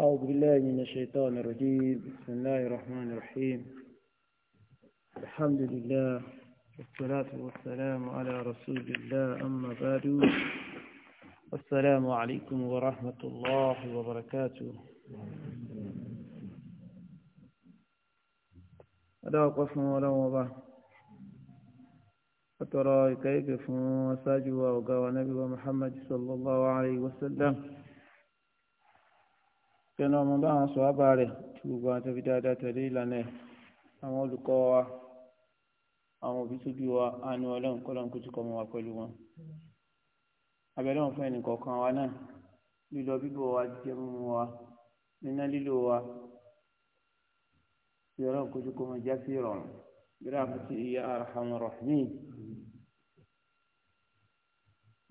أعوذ بالله من الشيطان الرجيم بسم الله الرحمن الرحيم الحمد لله والصلاة والسلام على رسول الله أما بعد السلام عليكم ورحمة الله وبركاته هذا قسم ولا وضع فترى كيف وساجوا وقوى نبي محمد صلى الله عليه وسلم kẹnu ọmọ bá àwọn sọ ábà rẹ̀ tí gbogbo àwọn tẹbi dáadáa tẹ̀lé ìlànà ẹ̀ àwọn olùkọ́ wa àwọn òbí tó bí wa àánú ọlọ́run kọ́lọ́run kó ti kọ́ mọ́ wa pẹ̀lú wọn abẹ́rẹ́ wọn fún ẹnìkọ̀ọ̀kan wa náà lílọ bíbọ̀ wa jíjẹ mímu wa níná lílo wa tí ọlọ́run kó ti kọ́ jásí ìrọ̀rùn bíra àfútí ìyá arhamar rahimin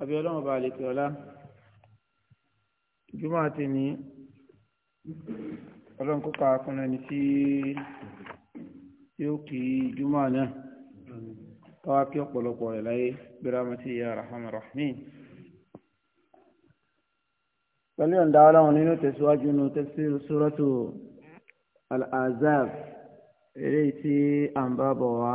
abẹ́ ọlọ́run bá àlèkè ọlá jùmọ̀ àti ní ọlọ́run kó ká kún ẹni tí yóò kí jùmọ̀ náà tọ́wá kí ọ̀pọ̀lọpọ̀ rẹ̀ láyé biramati ya rahman rahmin pẹ̀lú ọ̀dà ọlọ́run nínú tẹ̀síwájú nínú tafsir suratu al-azab eré tí à ń bá bọ̀ wá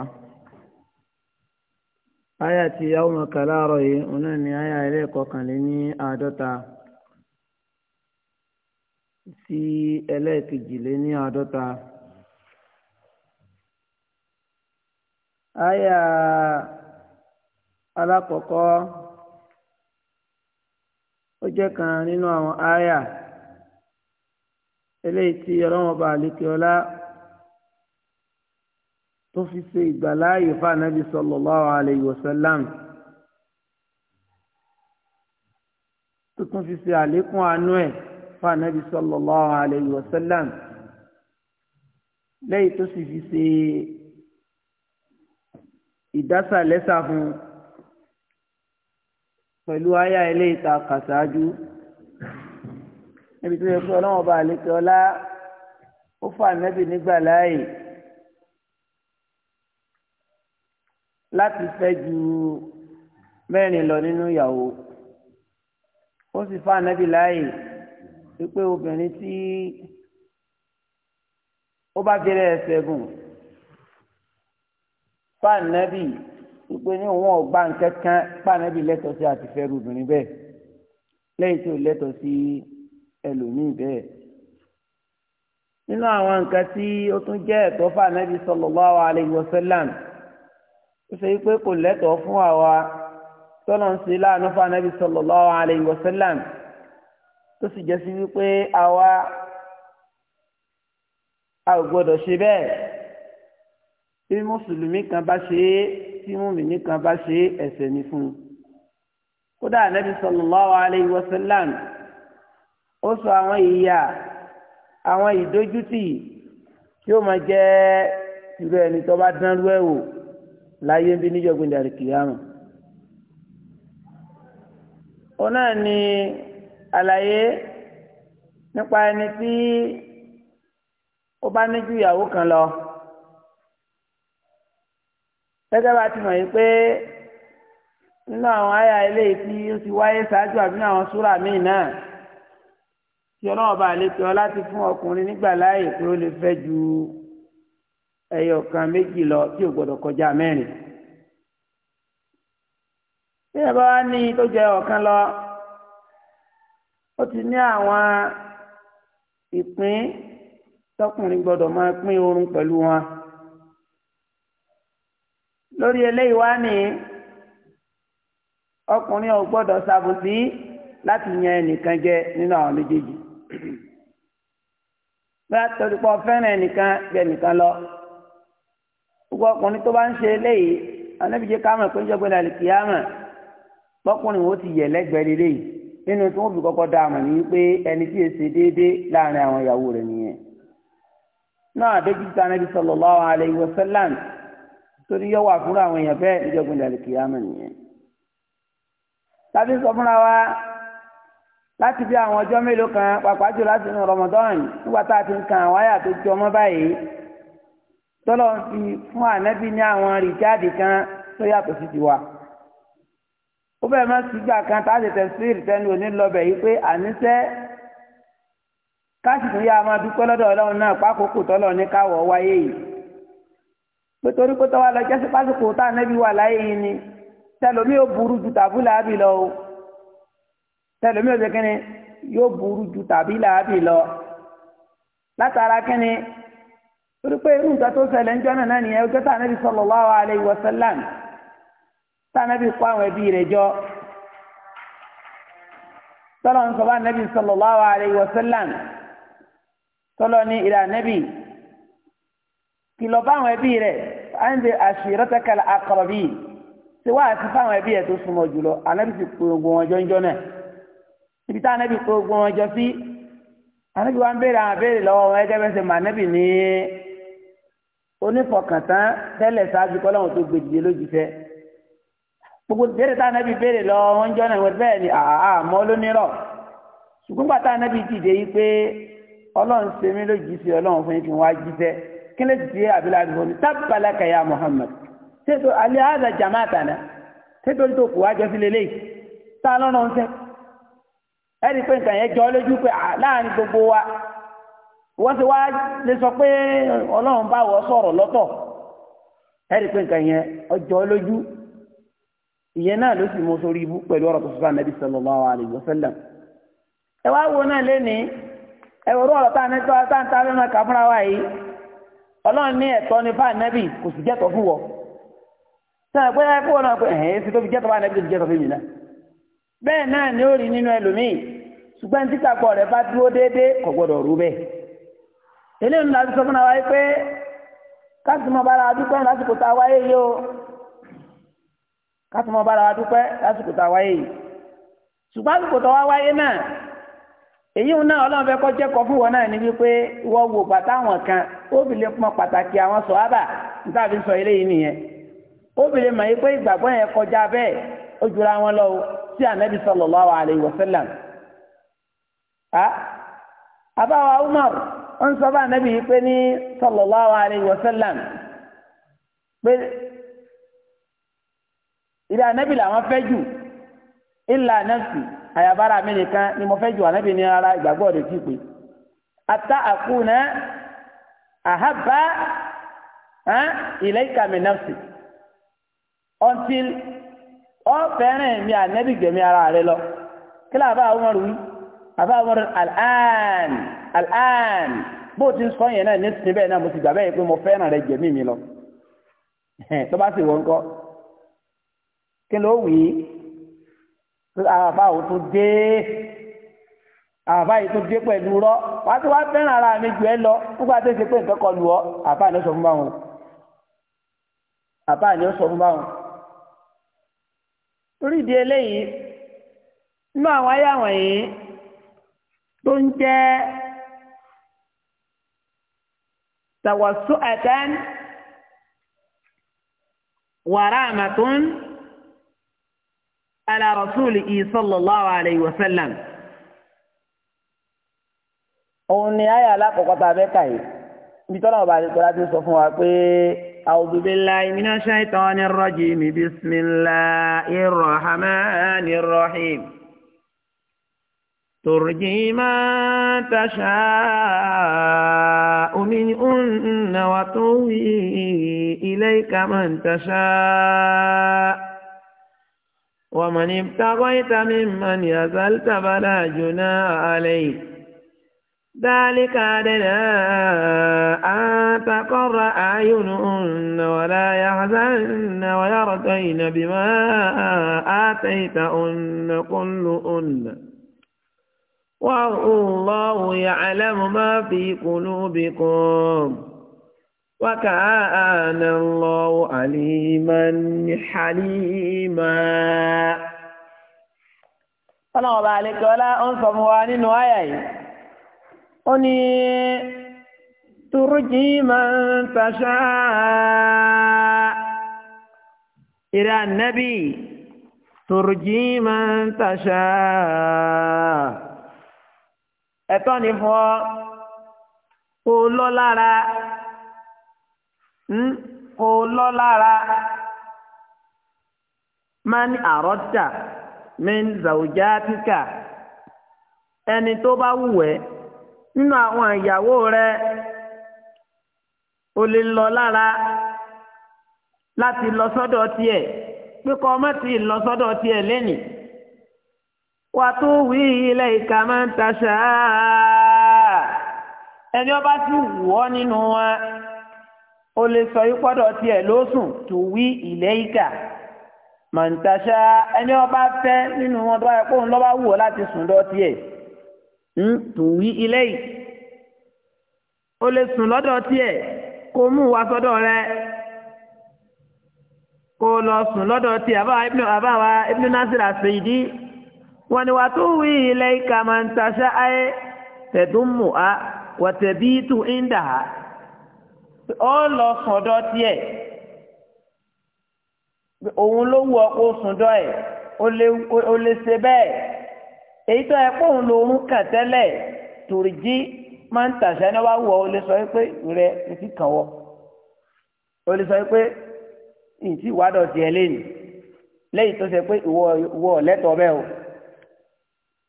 aya ti yawma kala rọ̀ yìí òun náà ni aya ilé ìkọkànlé ní àádọ́ta sí ẹlẹ́ẹ̀kejì lé ní àádọ́ta. àyà alákọ̀ọ́kọ́ ó jẹ́ kan nínú àwọn àyà eléyìí tí ọlọ́wọ́n bá àlékè ọlá tó fi ṣe ìgbàláàyè fáànàbí sallallahu alayhi wa sallam tó tún fi ṣe àlékún àánú ẹ̀ fún anabi sallallahu alayhi wa sallam lẹ́yìn tó sì fi ṣe ìdásàlẹ́sà fún pẹ̀lú aya eléyìí ta kà ṣáájú níbi tó yẹ kí ọlọ́wọ́n bá àlékè ọlá ó fún anabi nígbà láàyè láti fẹ́ ju mẹ́rin lọ nínú ìyàwó ó sì fún anabi láàyè pé obìnrin tí ó bá jẹrẹ ẹsẹ̀ gùn fànẹ́bì pé ní òun ọgbà nkankan fànẹ́bì lẹ́tọ̀ọ́ sí àti fẹ́rù obìnrin bẹ́ẹ̀ lẹ́yìn tí ó lẹ́tọ̀ọ́ sí ẹlòmíì bẹ́ẹ̀ nínú àwọn nǹkan tí ó tún jẹ́ ẹ̀tọ́ fànẹ́bì sallallahu alaihi wasallam ó ṣe pé kò lẹ́tọ̀ọ́ fún àwa tọ́lọ́ ń ṣe láàánú fànẹ́bì sallallahu alaihi wasallam tó sì jẹ́ sí wípé àwa a ò gbọ́dọ̀ ṣe bẹ́ẹ̀ bí mùsùlùmí kan bá ṣe é tí mùmìnì kan bá ṣe é ẹ̀ṣẹ̀ ni fún un kódà ànábì sallallahu alayhi wa sallam ó sọ àwọn ìyà àwọn ìdójútì tí ó máa jẹ́ irú ẹni tó bá dánrú ẹ̀ wò láyé bí níjọ́gbìn dàrí kìyàmù. ó náà ní àlàyé nípa ẹni tí ó bá ní ju ìyàwó kan lọ gẹ́gẹ́ bá ti mọ̀ yìí pé nínú àwọn àyà eléyìí tí ó ti wáyé ṣáájú àbí nínú àwọn súrà míì náà tí ọlọ́run bá lè tọ́ láti fún ọkùnrin nígbà láàyè pé ó lè fẹ́ ju ẹyọ kan méjì lọ tí ò gbọ́dọ̀ kọjá mẹ́rin. bí ẹ bá wá ní tó jẹ ọ̀kan lọ ó ti ní àwọn ìpín tọkùnrin gbọ́dọ̀ máa pín oorun pẹ̀lú wọn lórí eléyìí wá ní ọkùnrin ò gbọ́dọ̀ ṣàbùsí láti yan ẹnìkan jẹ nínú àwọn méjèèjì bí a torí pé ọfẹ́ràn ẹnìkan jẹ nìkan lọ gbogbo ọkùnrin tó bá ń ṣe eléyìí anábìjẹ kámọ̀ pé ń jẹ́ gbẹ́dọ̀ àlìkìyàmọ̀ pọ́kùnrin wo ti yẹ̀ lẹ́gbẹ̀ẹ́ lélẹ́yìí nínú tí wọ́n fi kọ́kọ́ dá àmọ̀ ní pé ẹni tí èsì déédéé láàrin àwọn ìyàwó rẹ̀ nìyẹn náà àdójútà nàbí sallallahu alaihi wasallam torí yóò wà fúnra àwọn èèyàn bẹ́ẹ̀ níjọ́gbìn ìdàlẹ̀ kìyàmù nìyẹn tàbí sọ fúnra wa láti bí àwọn ọjọ́ mélòó kan pàápàá jù láti inú Ramadan nígbà tá a ti ń kan àwọn àyà tó jọmọ́ báyìí tọ́lọ́ fi fún ànábì ní àwọn rìjáde kan tó yàtọ̀ sí tiwa ó bẹ́ẹ̀ má sígbà kan tá a tètè sí ìrìtẹ́nu òní lọ́bẹ̀ yìí pé àníṣẹ́ káṣí tún yá a máa dúpẹ́ lọ́dọ̀ ọlọ́run náà pákókò tọ́lọ̀ ní káwọ̀ wáyé yìí pé pé tọ́wọ́ lọ jẹ́sí pásítọ̀ tá a nẹ́bí wà láyé yìí ni tẹlomi yóò burú ju tàbí làábì lọ o tẹlomi yóò ṣe kínní yóò burú ju tàbí làábì lọ látara kínní torí pé irú nǹkan tó ṣẹlẹ̀ ń jọ́nà náà nìyẹn ọjọ́ tá a nẹ́bí sallallahu alaihi wasallam tánàbí kó àwọn ẹbí rẹ̀ jọ tọ́lọ̀ ń sọ bá nẹ́bí sallallahu alaihi wasallam tọ́lọ̀ ní ìlà nẹ́bí kìlọ̀ bá àwọn ẹbí rẹ̀ àǹdè àṣìírọ́tẹ́kẹ̀lẹ̀ àkọ̀rọ̀bí ṣe wá àti fáwọn ẹbí ẹ̀ tó súnmọ́ jùlọ ànábì ti pè ogun wọn jọ́njọ́ náà ibi tá ànábì pè ogun wọn jọ sí ànábì wa béèrè àwọn béèrè lọ́wọ́ wọn ẹgẹ́ bẹ́sẹ̀ mà ànábì ní onífọkàntán tẹ́lẹ̀ ṣáájú kọ́lọ́hún tó gbèdìde lójúfẹ́ gbogbo béèrè tá anábì béèrè lọ wọn jọ náà wọn bẹ́ẹ̀ ni àmọ́ olónírọ̀ ṣùgbọ́n gbà tá anábì dìde yìí pé ọlọ́run ṣe mí lójijì sí ọlọ́run fún yín kí n wá jíṣẹ́ kí lè ti àbílẹ̀ àdìgbò ní tábàlákà ya Muhammad ṣètò alẹ́ àdà jàmáàtàná ṣètò tó kù wájọ sí lélẹ́yìí tá a lọ́nà ń fẹ́ ẹ̀rí pé nǹkan yẹn jọ lójú pé láàrin gbogbo wa wọ́n ti wá lè sọ pé ọlọ́run bá wọ́ sọ̀rọ̀ lọ́tọ̀ ẹ̀rí pé nǹkan yẹn ọjọ́ lójú ìyẹn náà ló sì mú sórí ibú pẹ̀lú ọ̀rọ̀ tó anabi sallallahu alayhi wa sallam ẹ wá wo náà lẹ́nìí ẹ ọ̀rọ̀ tá a ní tọ́ tá a ń anabi kò sì jẹ́tọ̀ fún wọ pé ẹ wọn náà pé ẹ̀hìn tó anabi tó fi jẹ́tọ̀ fún mi ni ó rí nínú kátó mọ bára wa dúpẹ́ lásìkò tá a wáyé yìí ṣùgbọ́n àsìkò tó wá wáyé náà èyí ń náà ọlọ́run fẹ́ kọ́ jẹ́kọ̀ọ́ fún wọn náà ní wípé wọ́n wo kan mọ pàtàkì àwọn sọ̀hábà níta fi sọ eléyìí nìyẹn obìnrin mọ̀ pé ìgbàgbọ́ yẹn kọjá bẹ́ẹ̀ ó jura wọn sí Umar ń sọ bá yìí ilé anabi làwọn fẹ́ jù ilà nafsi àyàbára mi nìkan ni mo fẹ́ jù anabi ní ara ìgbàgbọ́ rẹ̀ ti pé ata àkúnà àhábà ilé ìkàmì nafsi until ọ fẹ́ràn mi anabi gbẹ̀mí ara rẹ̀ lọ kí ló àbá àwọn ọmọ rẹ̀ wí àbá àwọn ọmọ rẹ̀ al'an al'an bó o ti ń sọ yẹn náà ní tìǹbẹ̀ náà mo ti gbà bẹ́ẹ̀ pé mo fẹ́ràn rẹ̀ gbẹ̀mí mi lọ tó bá sì wọ́n kọ́ kí ló wì í àbá ò tó dé àbá yìí tó dé pẹ̀lú rọ wá tí wàá fẹ́ràn ara mi jù ẹ lọ nígbà tó ṣe pé nǹkan kọ lù ọ àbá ni ó sọ fún báwọn àbá ni ó sọ fún báwọn torí ìdí eléyìí nínú àwọn ayé àwọn yìí tó ń jẹ́ tàwọ̀sù ẹ̀tẹ́n wàrà àmàtún ala rasulihi sallallahu alayhi wa sallam. òun ni àyà alákọ̀ọ́kọ́ tá a fẹ́ kà yìí ibi tọ́lá ọba àdìgbò láti sọ fún wa pé a'udhu billahi minash shaitanir rajim bismillahir rahmanir rahim. ترجي ما تشاء منهن وتوي إليك من تشاء ومن ابتغيت ممن يزلت فلا جنى عليه ذلك أدنى أن تقر أعينهن ولا يحزن ويرتين بما آتيتهن كلهن والله يعلم ما في قلوبكم وكان الله عليما حليما ọlọ́wọ́ bá lè kọ́lá ó ń sọ fún wa nínú àyà yìí ó ní turji man tasha ìrẹ́ ànẹ́bì turji man tasha ẹ̀tọ́ ni fún ọ kó lọ lára kò lọ lára man àrọ́jà min zawjatika ẹni tó bá wù ẹ́ nínú àwọn ìyàwó rẹ o lè lọ lára láti lọ sọ́dọ̀ tiẹ̀ pé kọ́ ti lọ sọ́dọ̀ tiẹ̀ lẹ́nìí wà ilẹ̀ ìka máa ń taṣà ẹni ọba sì wù ọ́ nínú wọn o lè sọ yí pọ́dọ̀ tiẹ̀ lóṣùn tó wí ilẹ̀ ìkà màǹtàṣá ẹni ọba fẹ́ nínú wọn tó bá yẹ kó ń lọ́ba wù ọ́ láti sùn lọ tiẹ̀ ń hmm, tó wí ilẹ̀ yìí o lè sùn lọ́dọ̀ tiẹ̀ kó mú wa sọ́dọ̀ rẹ kó lọ sùn lọ́dọ̀ tiẹ̀ àbáwa ibnu àbáwa ibnu nasir wọn ni wà tó wí ilẹ̀ ìkà màǹtàṣá ayé tẹ̀dúnmù a wọ̀tẹ̀bí tù ń dà á ó lọ sùndọ́ tiẹ̀ òun ló wù ọkọ sùndọ́ ẹ̀ ó lè ṣe bẹ́ẹ̀ èyí tó yẹ kó òun lòún kàn tẹ́lẹ̀ torí jí máa ń tàṣà ní wá wọ̀ ó lè sọ pé rẹ ti kàn wọ́ ó lè sọ pé ìtì ìwádọ̀ tiẹ̀ lẹ́yìn lẹ́yìn tó ṣe pé ìwọ ìwọ lẹ́tọ̀ọ́ o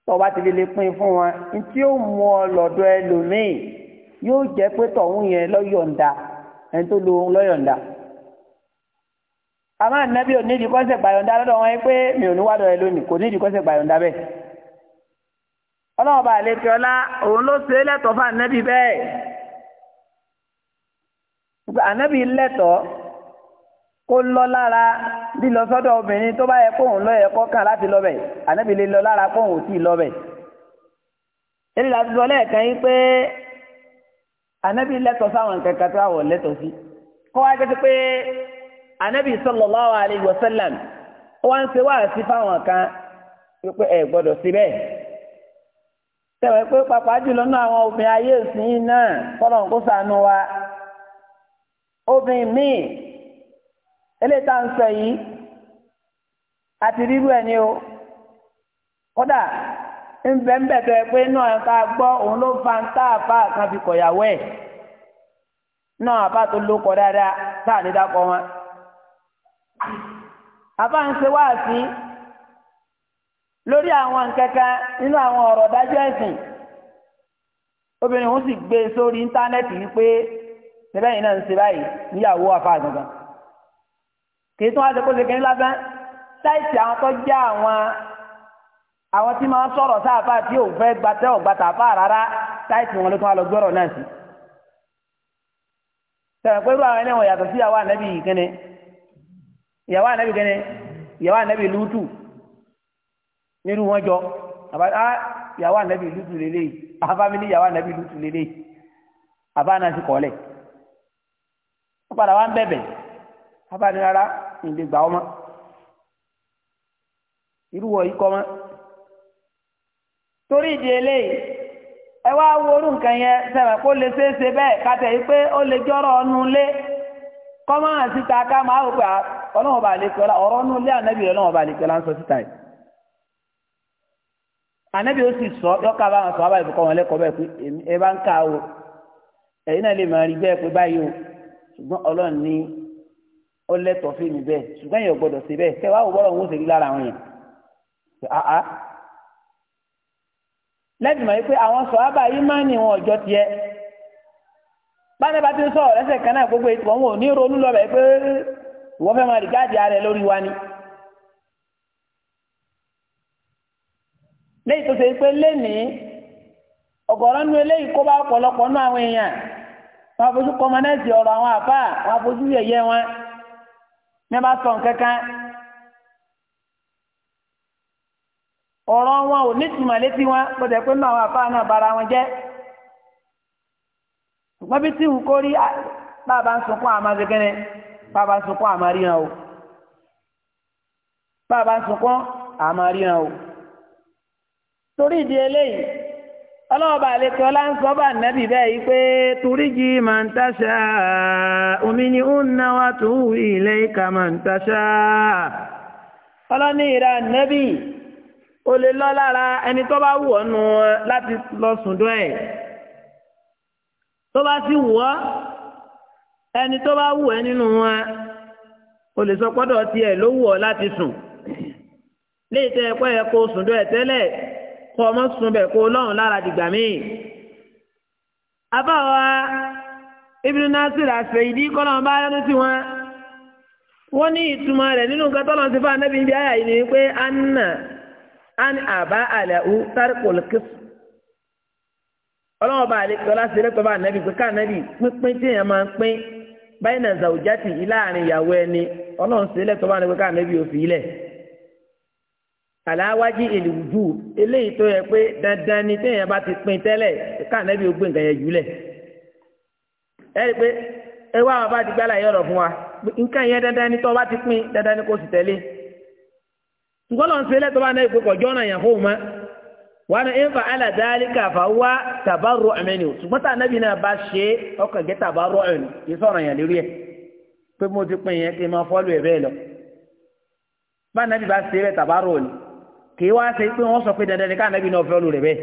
tọba ti lè pín fún wa ntí ó mú ọ lọ́dọ̀ ẹlòmíì yóò jẹ́ pé tọ̀hún yẹn lọ́yọ̀ǹda ẹni tó lo ohun lọ́yọ̀ǹda àmọ́ ànábì ò nídìí kọ́sẹ̀ gbàyọ̀ǹda lọ́dọ̀ wọn pé mi ò ní wádọ̀ ẹ lónìí kò nídìí kọ́sẹ̀ gbàyọ̀ǹda bẹ́ẹ̀ ọlọ́run bá lè fi ọlá òun ló ṣe é lẹ́tọ̀ọ́ fún ànábì bẹ́ẹ̀ ànábì lẹ́tọ̀ọ́ kó lọ lára lílọ sọ́dọ̀ obìnrin tó bá yẹ kóun lọ yẹ kọ́ kàn láti lọ bẹ̀ ànábì lè lọ lára kóun ò tí ì lọ bẹ̀ eléyìí láti sọ lẹ́ẹ̀kan yìí pé anabi lẹ́tọ̀ sáwọn kankan tó àwọn lẹ́tọ̀ sí kọ́ wá gẹ́gẹ́ pé anabi sallallahu alayhi wa sallam wọ́n ṣe wá sí fáwọn kan pé ẹ gbọ́dọ̀ sí bẹ́ẹ̀ tẹ̀wẹ̀ pé pàpà jùlọ náà àwọn obìnrin ayé ìsìn náà fọlọ́n kó sànù wa obìnrin míì eléyìí tá à ń sọ yìí àti rírú ẹ̀ ni o kódà ńbẹ́ńbẹ́ tó yẹ pé náà ká gbọ́ òun ló fa ń tá àbá kan fi kọ̀yàwó ẹ̀ náà àbá tó ló kọ dáadáa tá à ní dákọ wọn. àbá ń ṣe wáàsí lórí àwọn nǹkankan nínú àwọn ọ̀rọ̀ dájọ́ ẹ̀sìn obìnrin òun sì gbé e sórí íńtánẹ́ẹ̀tì wípé ṣẹlẹ̀ yìí náà ń ṣe báyìí níyàwó àfa gangan kì í tún wá ṣe kó ṣe kínní lásán láìsí àwọn tó já àwọn àwọn tí máa ń sọ̀rọ̀ sáàfà tí ò fẹ́ gbatẹ́ ò gbàtà fà rárá táìsì wọn ló tún wá lọ gbọ́rọ̀ náà sí. sẹ̀rọ̀ pẹ̀lú àwọn ẹlẹ́wọ̀n yàtọ̀ sí ìyàwó ànábì kẹ́ni ìyàwó ànábì kẹ́ni ìyàwó ànábì lútù nínú wọn jọ àbá ìyàwó ànábì lútù lélẹ́yìí àfámílì ìyàwó ànábì lútù lélẹ́yìí àbá náà sì kọ́lẹ̀ wọ́n padà wá ń bẹ̀bẹ̀ àbá ni rárá ìdè gbà ọmọ irú wọ̀ yìí kọ́ mọ́. torí ìdí eléyìí ẹ wá wo orú nǹkan yẹn sẹ̀mẹ̀ kó lè ṣeé bẹ́ẹ̀ yìí pé ó lè jọ́rọ̀ ọ́nú kọ́mọ́ ká máa wò pé ọlọ́run bá lè pẹ́ ọ̀rọ̀ ọ́nú ànábì ọlọ́run bá lè pẹ́ síta yìí ànábì ó sì sọ bá wọn o ẹ̀yin náà lè máa rí bẹ́ẹ̀ pé báyìí o ṣùgbọ́n ọlọ́run ní lẹ́yìn mọ̀ wípé àwọn sọ̀hábà yìí máa ń ní wọn ọjọ́ tiẹ̀ báńdẹ́ bá ti ń sọ̀rọ̀ lẹ́sẹ̀ kan náà gbogbo ìtàn wọn ò ní ronú lọ bẹ̀ pé ìwọ́n fẹ́ máa rí gáàdì ara ẹ lórí wa ni. léyìí tó ṣe pé lénìí ọ̀gọ̀rọ̀ nu eléyìí kó bá ọ̀pọ̀lọpọ̀ nú àwọn èèyàn wọn àfojú kọ́mọ́nẹ́sì ọ̀rọ̀ àwọn àfáà wọn àfojú wọn ní wọn bá sọ nǹkan kan ọ̀rọ̀ wọn ò ní tìmọ̀ létí wọn bó tẹ̀ pé náà àfáà náà bara wọn jẹ́ ṣùgbọ́n bí tí wù kó rí bàbá ń sunkún àmà gẹ́gẹ́rẹ́ bàbá ń sunkún àmà ríran o bàbá ń sunkún àmà ríran o torí ìdí eléyìí ọlọ́ọ̀bà àlekẹ́ ọlá ń sọ bá nẹ́bì bẹ́ẹ̀ yí pé turíjì máa ń tàṣà omi ni ó ń ná wa tó wù ilé ìka máa ń tàṣà ọlọ́ní ìra nẹ́bì o lè lọ lára ẹni tó bá wù ọ́ nù wọn láti lọ sùn dún ẹ̀ tó bá sì wù ọ́ ẹni tó bá wù ẹ́ nínú wọn o lè sọ pọ́dọ̀ tiẹ̀ ló wù ọ́ láti sùn léyìí tẹ́ ẹ pẹ́ yẹ kó o sùn dún ẹ̀ tẹ́lẹ̀ kọ́ ọmọ sùn bẹ̀ kó o lọ́rùn lára dìgbà míì abáwa Ibn Nasir àṣeyìdí kọ́nà bá yẹnu sí wọn wọ́n ní ìtumọ̀ rẹ̀ nínú nǹkan tọ́lọ́ anna. an àbá àlàú sárkòl kìsù ọba bá àlekọ́ láti rẹ́pọ̀ bá ànábì pé káànábì pínpín tí èèyàn máa ń pín báyìí náà zàwùjátì yìí ìyàwó ẹni ọlọ́run sí lẹ́tọ́ bá anabi ò fi ìlúdù eléyìí tó yẹ pé dandan ni téèyàn bá ti pín tẹ́lẹ̀ káànábì ò gbé nǹkan yẹn jùlẹ̀ ẹ rí i pé ẹ wá wọn bá ti gbá láyé fún wa nǹkan yẹn ńgọ́lọ̀ ń sẹ́lẹ̀ tó bá náà ìpínkọ̀ jọ́ náà yàn fún ma wọn ni ìfà aládàálíkà fà wá tàbárò ẹ̀mẹ́ni o ṣùgbọ́n tá anábì náà bá ṣe ọkàn jẹ́ tàbárò ẹ̀mẹ́ni kì sọ̀rọ̀ yàn lórí ẹ̀ pé mo ti pin yẹn kí n máa fọ́lù ẹ̀ bẹ́ẹ̀ lọ bá anábì bá ṣe bẹ́ẹ̀ tàbárò ni kì í wá ṣe pé wọ́n sọ pé dandan ni ká anábì náà fọ́lù rẹ̀ bẹ́ẹ̀.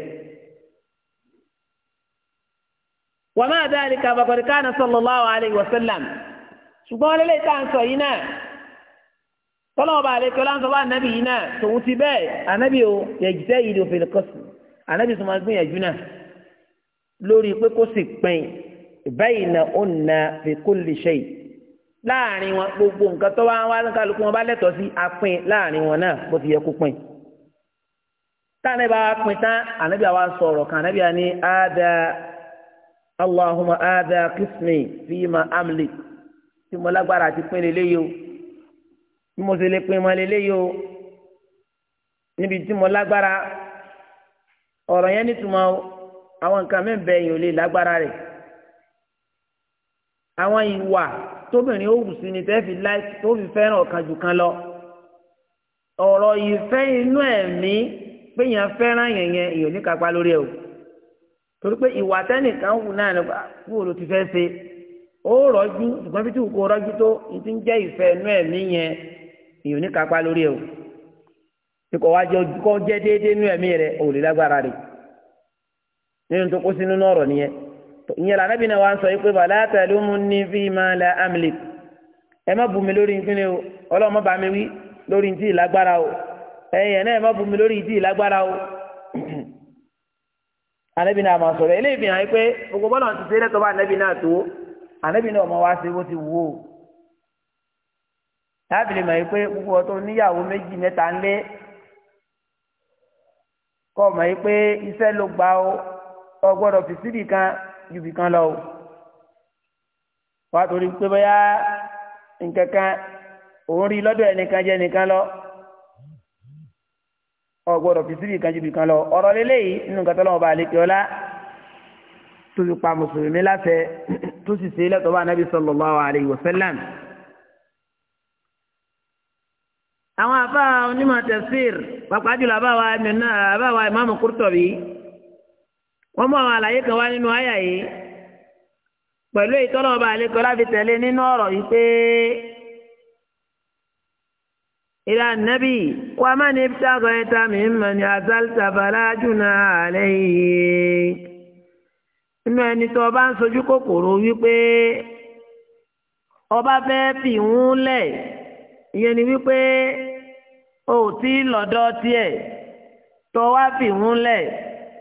wàmà àdáálíkà bàkọ̀dé káà tọ́lọ́wọ́ bá àlejò láǹsọ̀ bá ànábì yìí náà tòun ti bẹ́ẹ̀ ànábì o yẹ̀jìtẹ́ yìí ló fèrè kọ́sì ànábì sọ ma gbìyànjú náà lórí pé kó sì pẹ́yìn báyìí na ó na fi kulli shay láàrin wọn gbogbo nǹkan tó bá ń wá kálukú wọn bá lẹ́tọ̀ọ́ sí apin láàrin wọn náà bó ti yẹ kó pin táwọn ẹbí wa pin tán ànábì wa sọ̀rọ̀ kan ànábì wa ada Allahumma ada qismi fima amlik tí mo lágbára àti pin bí mo ṣe lè pin ìmọ̀ lélẹ́yìí o níbi tí mo lágbára ọ̀rọ̀ yẹn nítumọ̀ àwọn nǹkan mi bẹ èèyàn lè lágbára rẹ̀ àwọn ìwà tóbìnrin ó wù sí ni tẹ́ fi láì tó fi fẹ́ràn ọ̀kan jù kan lọ ọ̀rọ̀ ìfẹ́ inú ẹ̀mí pé yẹn fẹ́ràn yẹn yẹn èèyàn ní kápá lórí ẹ̀ o torí pé ìwà tẹ́nìkan wù náà nípa ah, wò ló ti fẹ́ ṣe ó rọ́jú ṣùgbọ́n bí tí kò rọ́jú tó ti ń jẹ́ ìfẹ́ inú ẹ̀mí yẹn èèyàn ní kápá lórí ẹ o ikọ̀ wa jẹ́ kọ́ jẹ́ déédéé nínú ẹ̀mí rẹ ò lè lágbára rẹ nínú tó kó sínú ọ̀rọ̀ nìyẹn ìyẹn lànà náà wà ń sọ yìí pé bàlá àtàlù mú ní fi máa la amlik ẹ má bù mí lórí nkíni o ọlọ́run má bà mí wí lórí ntí ìlágbára o ẹ̀yẹ̀ náà ẹ má bù mí lórí ntí ìlágbára o anabi náà máa sọ̀rọ̀ eléyìí fi hàn yìí pé gbogbo bọ́lá láti lè mọ̀ yìí pé gbogbo ọ̀tọ̀ níyàwó méjì mẹ́ta ń lé kọ́ mọ̀ yìí pé iṣẹ́ ló gba ọ ọgbọ́dọ̀ fi síbì kan jùbì kan lọ o wàá torí pé bóyá nǹkan kan òun rí lọ́dọ̀ ẹnìkan jẹ́ nìkan lọ ọgbọ́dọ̀ fi síbì kan jùbì kan lọ ọ̀rọ̀ lélẹ́yìí nínú nǹkan tó lọ́wọ́ bá àlekè ọlá tó fi pa mùsùlùmí láfẹ̀ẹ́ tó sì ṣe lẹ́tọ̀ọ́ bá anábì sallallahu alaihi wasallam. àbá onímọ̀ tẹ̀sír pàpà jùlọ àbá wa nínú àbá wa ìmáàmù Kúrútọ̀bí wọ́n mú àwọn àlàyé kan wá nínú àyà yìí pẹ̀lú ìtọ́nà ọba àlekọ láti tẹ̀lé nínú ọ̀rọ̀ yìí pé ìlà nẹ́bí wa máa ní sáàgọ́ ẹ̀ta mi mọ̀ ní azalta balájú náà àlẹ́ yìí inú ẹni tó ọba ń sojú kòkòrò wípé ọba fẹ́ fìhún lẹ̀ ìyẹn ni wípé o ò tí ì lọ́dọ̀ tiẹ̀ tó wá fi ń lẹ̀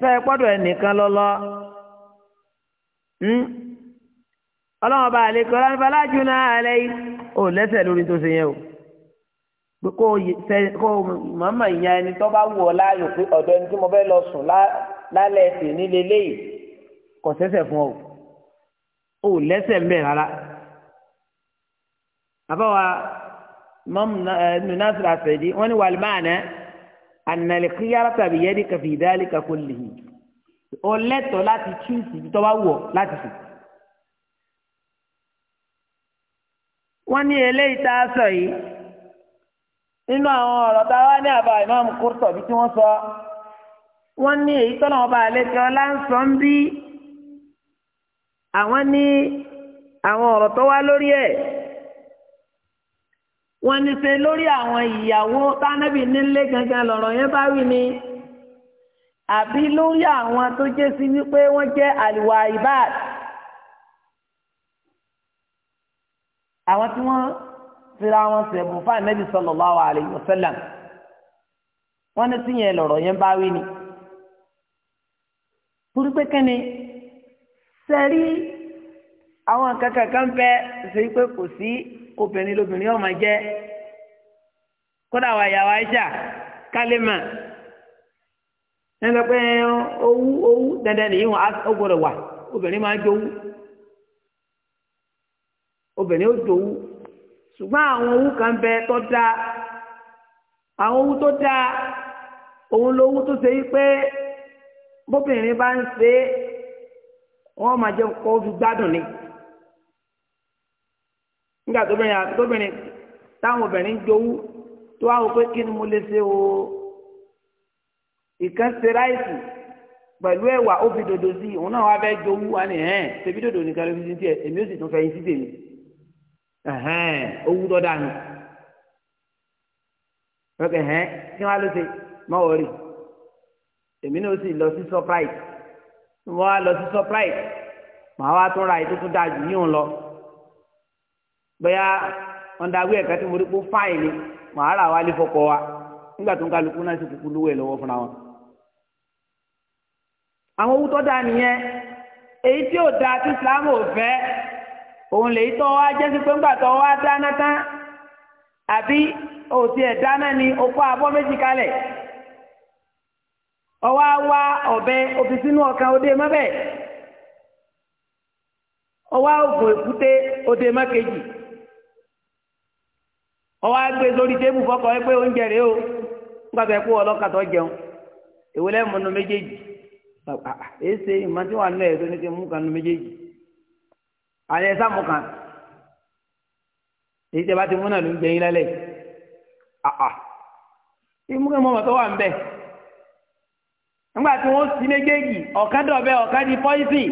fẹ́ pọ́dọ̀ ẹnìkan lọ́lọ́ hmm? ọlọ́run bá àlekọ lọ́nà falájú náà alẹ́ yìí ò lẹ́sẹ̀ lórí tó ṣe yẹn o kó kó màmá ìyá ẹni tó bá wù ọ láàyò pé ọ̀dọ̀ ẹni tí mo fẹ́ lọ sùn lálẹ́ ẹ̀sìn nílé léyìí kò sẹ́sẹ̀ fún ọ o lẹ́sẹ̀ ń bẹ̀ rárá àbáwá imam eh, nasir asadi wani walimana analikiyara tabi yadi kafi dali kakolihi o lẹ́tọ̀ọ́ láti túùsì tó bá wọ láti fi. wọ́n ní eléyìí tá a sọ yìí nínú àwọn ọ̀rọ̀ tá a wá ní àbá imam Qurtubi tí wọ́n sọ wọ́n ní èyí tọ́nà ọba àlejò ọlá ń sọ ń bí àwọn ní àwọn ọ̀rọ̀ tó wá lórí ẹ̀ wọ́n ní ṣe lórí àwọn ìyàwó tánábì nílé gangan lọ́rọ̀ yẹn bá wí ni àbí lórí àwọn tó jẹ́ sí wípé wọ́n jẹ́ àlùwà ibad àwọn tí wọ́n tira wọn sẹ̀bùn fún ànábì sallallahu alayhi wa sallam wọ́n ní sí yẹn lọ́rọ̀ yẹn bá wí ni torí pé kẹ́ni sẹ́rí àwọn kankan kan fẹ́ ṣe pé kò sí. obìnrin lóbìnrin ọmọ jẹ́ kódà wà yà wá ṣà kálímà ẹnlẹ owó owó dandan nìyí wọn ó wà obìnrin máa jowú obìnrin ó ṣùgbọ́n àwọn owó kan bẹ tó dá àwọn owó tó dá òun lówó tó ṣe pé bóbìnrin bá ń ṣe wọn máa jẹ kó fi gbádùn ni. nígbà tóbìnrin àtòbìnrin táwọn obìnrin gbowó tó wá wò pé kí ni mo lè ṣe o ìkan ṣe ráìsì pẹ̀lú ẹ̀wà ó fi dòdò sí òun náà wá fẹ́ gbowó wá ní ẹ̀ ṣebí dòdò nìkan ló fi sí tiẹ̀ èmi ó sì tún fẹ́ sí tèmi owó tó dáa ni lọ́kẹ̀ hẹ́n kí wọ́n á lọ sí máa wọ̀ rí èmi náà sì lọ sí surprise wọ́n á lọ sí surprise màá wá tún ra ètò tó dáa yíyún lọ. bóyá ọ̀ndàwé ẹ̀ka tí mo rí kó fáìn ni màá rà wá lé fọkọ wa nígbà tó ń náà sì kúkú lówó ẹ̀ lọ́wọ́ fúnra wọn. àwọn owó tó dáa nìyẹn èyí tí ó dáa tí Islam ò fẹ́ òun lè tọ́ jẹ́ sí pé ńgbà dáná tán ọwọ́ á gbé lórí tébù fọkọ ẹ pé oúnjẹ rèé o nígbà tó ẹ kó ọlọ́kàtọ́ jẹun èwo lẹ́mọ̀nù méjèèjì èsè ìmọ̀ tí wàá nù ẹ̀ tó ní ti mú kanu méjèèjì àlẹ́ sàmù kan èyí tẹ́ bá ti múnà ló ń gbẹ̀yìn lálẹ́ ìmúkẹ́ mọ́mọ́ tó wà ń bẹ̀ nígbà tí wọ́n sì méjèèjì ọ̀kan dọ̀bẹ ọ̀kan pọ́ìsì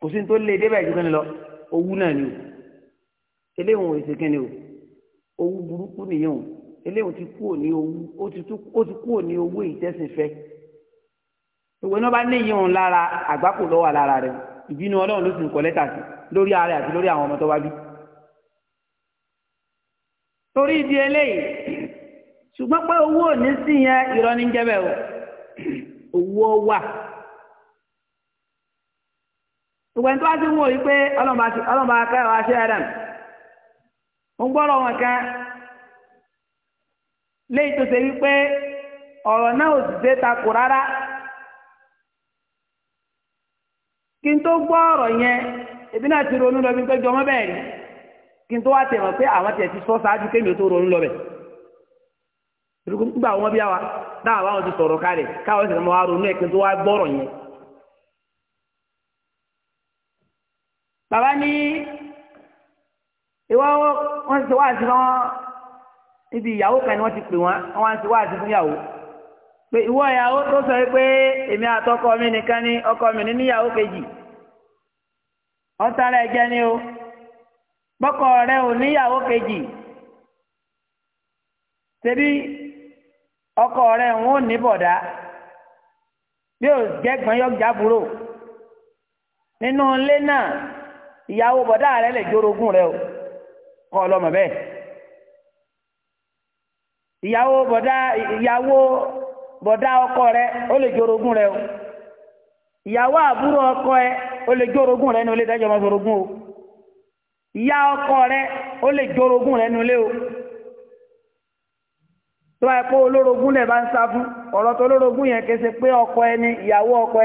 kò sí ní tó lé débẹ̀ jù lọ owú náà ni o eléwọ̀n èsè owó burúkú nìyẹn o eléyìí ti kúrò ní owó ó ti kúrò ní owó ìtẹ́sìnfẹ́ ìwé náà bá níyìn òun lára àgbákò lọ́wọ́ lára rẹ̀ ìbínú ọlọ́run ló sì ń kọ́ lẹ́tà sí lórí ara àti lórí àwọn ọmọ tó wá bí. torí ìdí eléyìí ṣùgbọ́n pé owó sí yẹn o owó wà. ìwé tó wá sí wọn rí pé ń gbọ́rọ̀ wọn kan léyìí tó ṣe wípé ọ̀rọ̀ náà ò sì ṣe takò rárá kí n tó gbọ́ ọ̀rọ̀ yẹn ebi náà ti ronú lọ bí n tó bẹ́ẹ̀ kí n tó wá pé àwọn tẹ̀ ti sọ tó ronú lọ bẹ̀ wa dáhà wọn ti sọ̀rọ̀ kárẹ̀ káwọn sì máa ronú ẹ̀ kí n tó wá yẹn. bàbá ní ìwọ wọn ti wá sí wọn ibi ìyàwó kan ni ti pè ti fún pé ìwọ ìyàwó tó sọ pé èmi àtọkọ mi nìkan ni ọkọ mi ní níyàwó kejì o rẹ ò ọkọ rẹ ń ò ní bọ̀dá bí o jẹ́ gbọ́n yọ jábúrò nínú ilé náà ìyàwó bọ̀dá rẹ lè kọ́ ọlọ́mọ bẹ́ẹ̀ ìyàwó bọ̀dá ìyàwó bọ̀dá ọkọ rẹ ó lè jorogún rẹ o ìyàwó àbúrò ọkọ ẹ ó lè jorogún rẹ ní olè o ìyá ọkọ rẹ ó lè rẹ o tó olórogún lẹ̀ bá ń sá fún ọ̀rọ̀ tó yẹn kése pé ọkọ ìyàwó ọkọ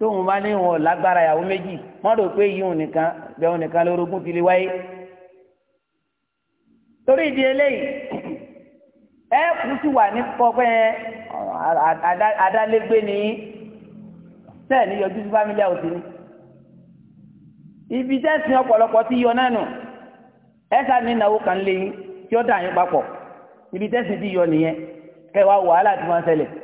tóun bá ní wọn lágbára ìyàwó méjì mọ́tò pé yíwọn nìkan bẹ́ẹ̀ nìkan lórogún ti lè wáyé torí ìdí eléyìí ẹ kù sí wà ní pọpẹ adálégbé ní sẹ́ẹ̀ ní yọjú sí fámílì àwòsí ni ibi tẹ́sán ọ̀pọ̀lọpọ̀ ti yọ náà nù ẹ sáà ní ìnáwó kan lé yín tí ó dà yín papọ̀ ibi tẹ́sán ti yọ nìyẹn kẹwàá wàhálà tí wọ́n ń ṣẹlẹ̀.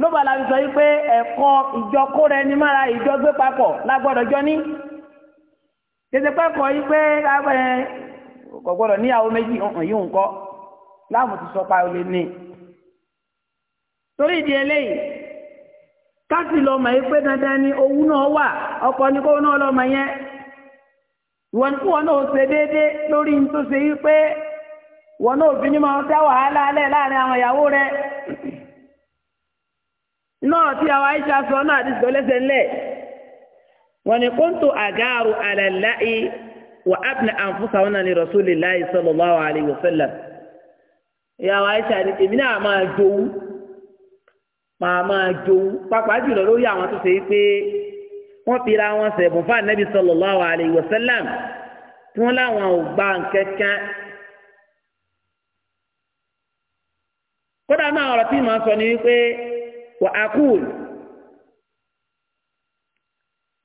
ló bá la fi sọ yìí pé ẹ̀kọ́ ìjọ ẹni mára ìjọ gbé papọ̀ lágbọ́dọ̀ jọ ní tètè pẹ́kọ̀ yìí pé kò gbọ́dọ̀ níyàwó méjì yìí láàmú ti sọ ní. torí ìdí eléyìí káàsì yìí dandan ni owó náà wà ọkọ ní kó náà yẹn ìwọ wọn náà ṣe déédéé lórí ní tó ṣe yìí pé wọn náà náà tí àwọn aisha sọ náà àti sọ lẹ́sẹ̀ ńlẹ̀ wọ́n ní kóńtò àgáàrò àlàláì wà ábìnà àǹfùsà wọn náà ní rasulillahi sallallahu alaihi wasallam ìyàwó aisha ni èmi náà máa jowú máa máa jowú pàápàá jùlọ lórí àwọn tó ṣe é pé wọ́n fi ra wọn sẹ̀bùn fún anabi sallallahu alaihi wasallam tí wọ́n láwọn ò gba nǹkankan. kódà náà ọ̀rọ̀ tí màá sọ ni wípé. وأقول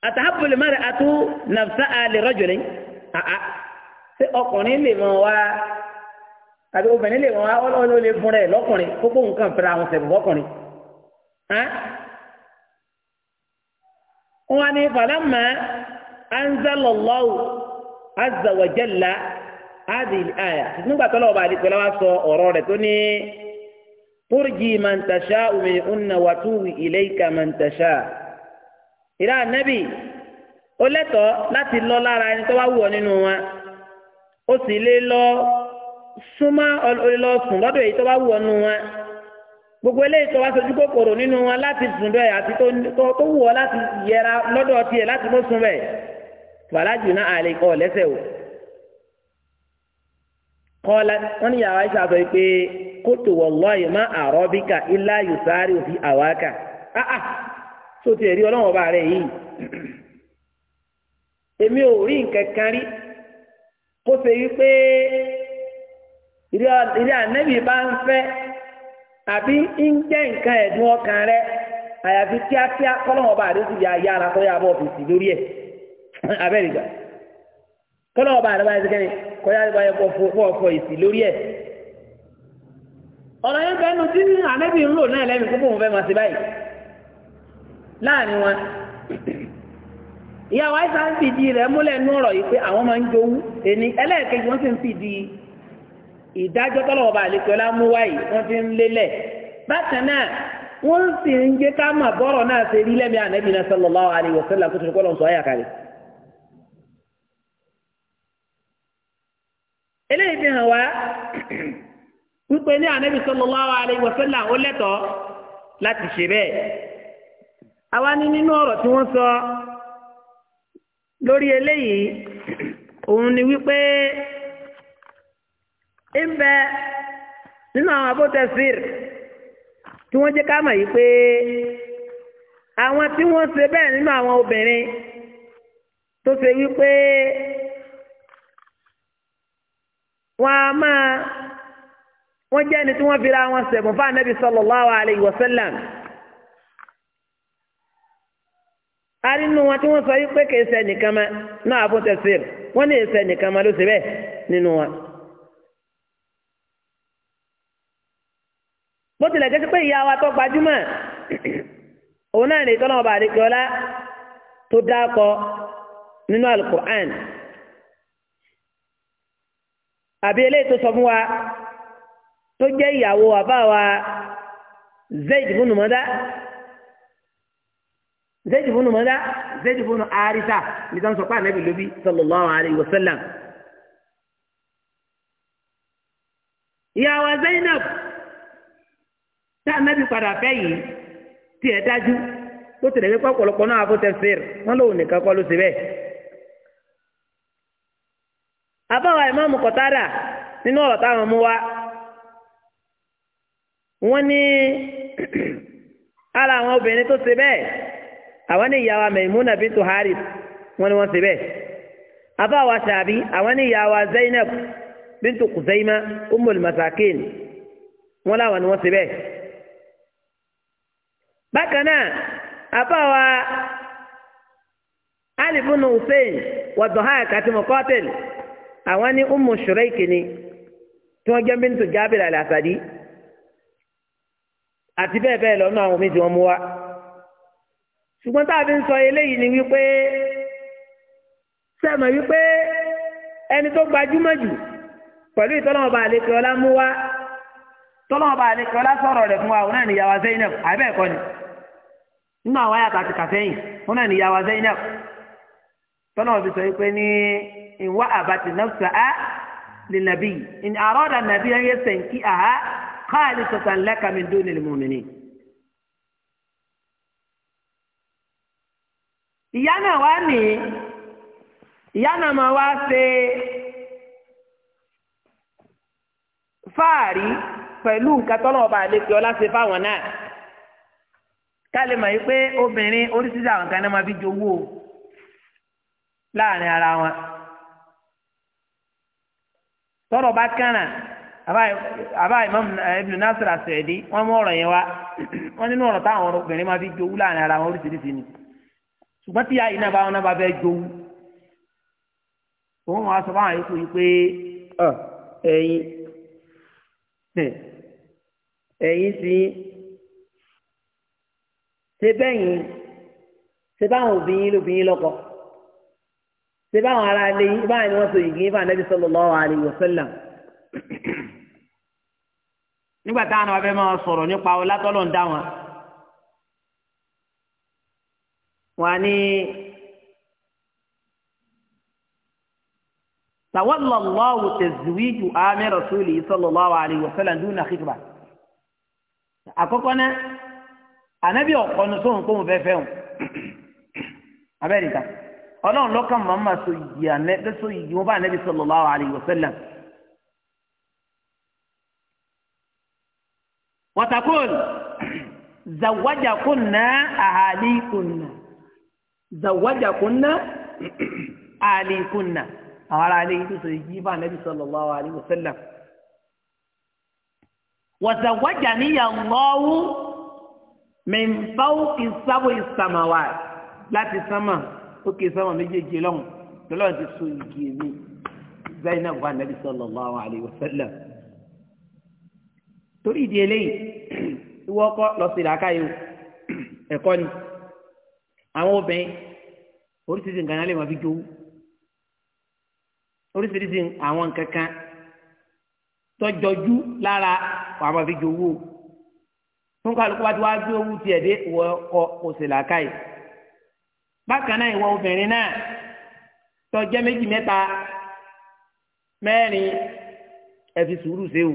أتحب المرأة نفسها لرجل ṣé ọkùnrin lè mọ wá àbí obìnrin lè mọ wá ọlọ́ọ̀lọ́ lè fún rẹ̀ lọ́kùnrin kókó nǹkan fẹ́ra àwọn sẹ̀bùn ọkùnrin. wọ́n ní falamma anzalallahu azza wa jalla hadhihi al-aya nígbà tó lọ́wọ́ bá a di pẹ̀lú wa sọ ọ̀rọ̀ rẹ̀ tó ní. turji man tasha'u minhunna wa tuwi ilayka man tasha'u. ìrá ànábì ó lẹ́tọ̀ọ́ lọ lara ẹni tó wá wù ọ́ nínú wọn ó sì lọ súnmọ́ ọlọ́ èyí nínú wa gbogbo eléyìí tó wá sojú nínú wọn láti ati to àti tó wù ọ́ láti yẹra lati tiẹ̀ láti mọ́ sùn bẹ́ẹ̀ fàlájù náà o. kọ́lá kótó wọlọ́ọ̀yì má àrọ́ bí ká ilá yòsáárì òfin àwákà tó ti rí ọlọ́wọ́n bá rẹ̀ yìí èmi ò rí nǹkan kan rí kó ṣe wípé ìrí ànẹ́bí bá ń fẹ́ àbí ń jẹ́ nǹkan ẹ̀dùn ọkàn rẹ àyàfi kíákíá kọ́lọ́wọ́n bá rẹ̀ ọ̀rọ̀ yẹn bẹ́ẹ̀ nu tí ànábì ń lò náà lẹ́nu kókó òun fẹ́ máa ṣe báyìí láàrin wọn ìyàwó àìsàn ń fìdí rẹ̀ múlẹ̀ nú ọ̀rọ̀ yìí pé àwọn máa ń jowú ẹni ẹlẹ́ẹ̀kejì wọ́n sì ń fìdí ìdájọ́ tọ́lọ́wọ́ bá àlejò ọlá mú wáyé wọ́n fi ń lélẹ̀ bákan náà wọ́n sì ń jẹ́ ká mà bọ́rọ̀ náà ṣe rí lẹ́mìí ànábì náà eléyìí fi hàn wá wípé ní ànábì sallallahu alaihi wasallam o lẹ́tọ̀ọ́ láti ṣe bẹ́ẹ̀. àwa ní nínú ọrọ tí wọ́n sọ lórí eléyìí òun ni wípé ń bẹ nínú àwọn abótẹ́sìr tí wọ́n jẹ́ ká mọ̀ yìí pé àwọn tí wọ́n ṣe bẹ́ẹ̀ nínú àwọn obìnrin tó ṣe wípé máa. wọ́n jẹ́ ẹni tí wọ́n fira wọn sẹ̀bùn fún anabi sallallahu alayhi wa sallam. a rí nínú wọn tí wọ́n sọ yí pé kì í ṣe nìkan ma náà àbò tẹ̀sír wọ́n ní ìṣe nìkan ma ló ṣe bẹ́ẹ̀ nínú wọn. bó tilẹ̀ jẹ́ pé ìyá wa tó gbajúmọ̀ òun náà lè tọ́nà ọba àdékọ́lá tó dákọ nínú alukur'an àbí eléyìí tó sọ fún wa tó jẹ́ ìyàwó bàbá wa Zaid bunu mọ́dá Zaid bunu mọ́dá Zaid bunu Arisa ní sọ́n sọ́pá ànábì lóbi sallallahu alayhi wa sallam. ìyàwó Zainab tá ànábì padà fẹ́ yìí tiẹ̀ dájú tó tẹ̀lé wípé ọ̀pọ̀lọpọ̀ náà fún tẹ̀síìr wọn lòun nìkan kọ́ ló ṣe bẹ́ẹ̀. àbáwá ìmáàmù Qatada nínú ọ̀rọ̀ táwọn mú wá wọ́n ní ara àwọn obìnrin tó ṣe bẹ́ẹ̀ àwọn ní ìyá wa Maimuna bintu Harith wọ́n ní wọ́n ṣe bẹ́ẹ̀ afa wa Ṣàbí àwọn ní ìyá wa Zainab bintu Khuzaima umul masakin wọ́n láwọn ni wọ́n ṣe bẹ́ẹ̀ bákan náà afa wa Ali bunu Hussein wa Dhahak àti Muqatil àwọn ní umu Shuraiki tí wọ́n jẹ́ bintu Jabir al àti bẹ́ẹ̀ bẹ́ẹ̀ lọ́nà àwọn omi tí mú wa ṣùgbọ́n tá a fi ń sọ eléyìí ni wípé sẹ́mọ̀ wípé ẹni tó gbajúmọ̀ jù pẹ̀lú ìtọ́lọ́mọba àlekè ọlá mú wa tọ́lọ́mọba àlekè ọlá sọ̀rọ̀ rẹ̀ fún wa òun náà níyàwó Zainab àbẹ́ẹ̀kọ́ ni nínú àwọn àyàtọ̀ àti kàfẹ́yìn òun náà níyàwó Zainab tọ́lọ́mọ fi sọ wípé ní ìwà àbàtì náà sàá lè nàbí ìní àrọ́dà nàbí ẹ̀yẹ sẹ̀ǹkì àhá khalisatan laka من دون المؤمنين. ìyá náà wá ní ìyá فاري máa wá ṣe fáàrí pẹ̀lú nǹkan tọ́lọ́ ọba àlekè ọlá ṣe fáwọn náà kálí mọ̀ yìí pé obìnrin oríṣiríṣi àwọn kan náà máa fi jowó láàrin ara wọn tọ́lọ̀ bá kẹ́ràn àbá imam ibn nasir asẹ̀dí wọ́n mú ọ̀rọ̀ yẹn wá wọ́n nínú ọ̀rọ̀ táwọn obìnrin máa fi jowú láàrin ara wọn oríṣiríṣi ni ṣùgbọ́n tí yáyí náà bá wọn náà bá fẹ́ jowú òun wàá sọ fáwọn yòókù yìí pé ẹ̀yin ẹ̀yin sí ṣe bẹ́yìn ṣe báwọn obìnrin lóbìnrin lọ́kọ ṣe báwọn ará ilé yìí báwọn ni wọ́n so yìí kí n fà nẹ́bí sallallahu alaihi wasallam. nígbà táwọn abẹ́ máa sọ̀rọ̀ nípa ọ látọ́lọ́ ń dá wọn. wọn á ní tawallallahu tazwiju amir rasuli sallallahu alayhi wa sallam duna khitba. àkọ́kọ́ náà ànábì ọ̀kọ́ni sóhun kóhun fẹ́ fẹ́ hùn abẹ́rẹ́ ìta ọlọ́run lọ́kàn máa ma so yìí wọn bá ànábì sallallahu alayhi wa sallam. wọ́tàkùn zawajakunna ahalikunna zawajakunna ahalikunna àwọn ará ilé yìí tó sọ yìí bá nàbí sallallahu alaihi wasallam wazawajaniya Allahu min fawqi sab'i samawat láti sánmà òkè sánmà méjèèjì lọ́hùn lọ́lọ́run ti so igi mi Zainab bá nàbí sallallahu alaihi wasallam torí ìdí eléyìí ìwọ ọkọ lọ sí làákàyè ẹ̀kọ́ ni àwọn obìnrin oríṣiríṣi nǹkan náà lè máa fi jowú oríṣiríṣi àwọn nǹkan kan tọjọjú lára wàá máa fi jowú o fún kálukú bá ti wá gbé owó tiẹ̀ dé ìwọ ọkọ kò sí làákàyè bákan náà ìwọ obìnrin náà tọjẹ́ méjì mẹ́ta mẹ́rin ẹ fi sùúrù ṣe o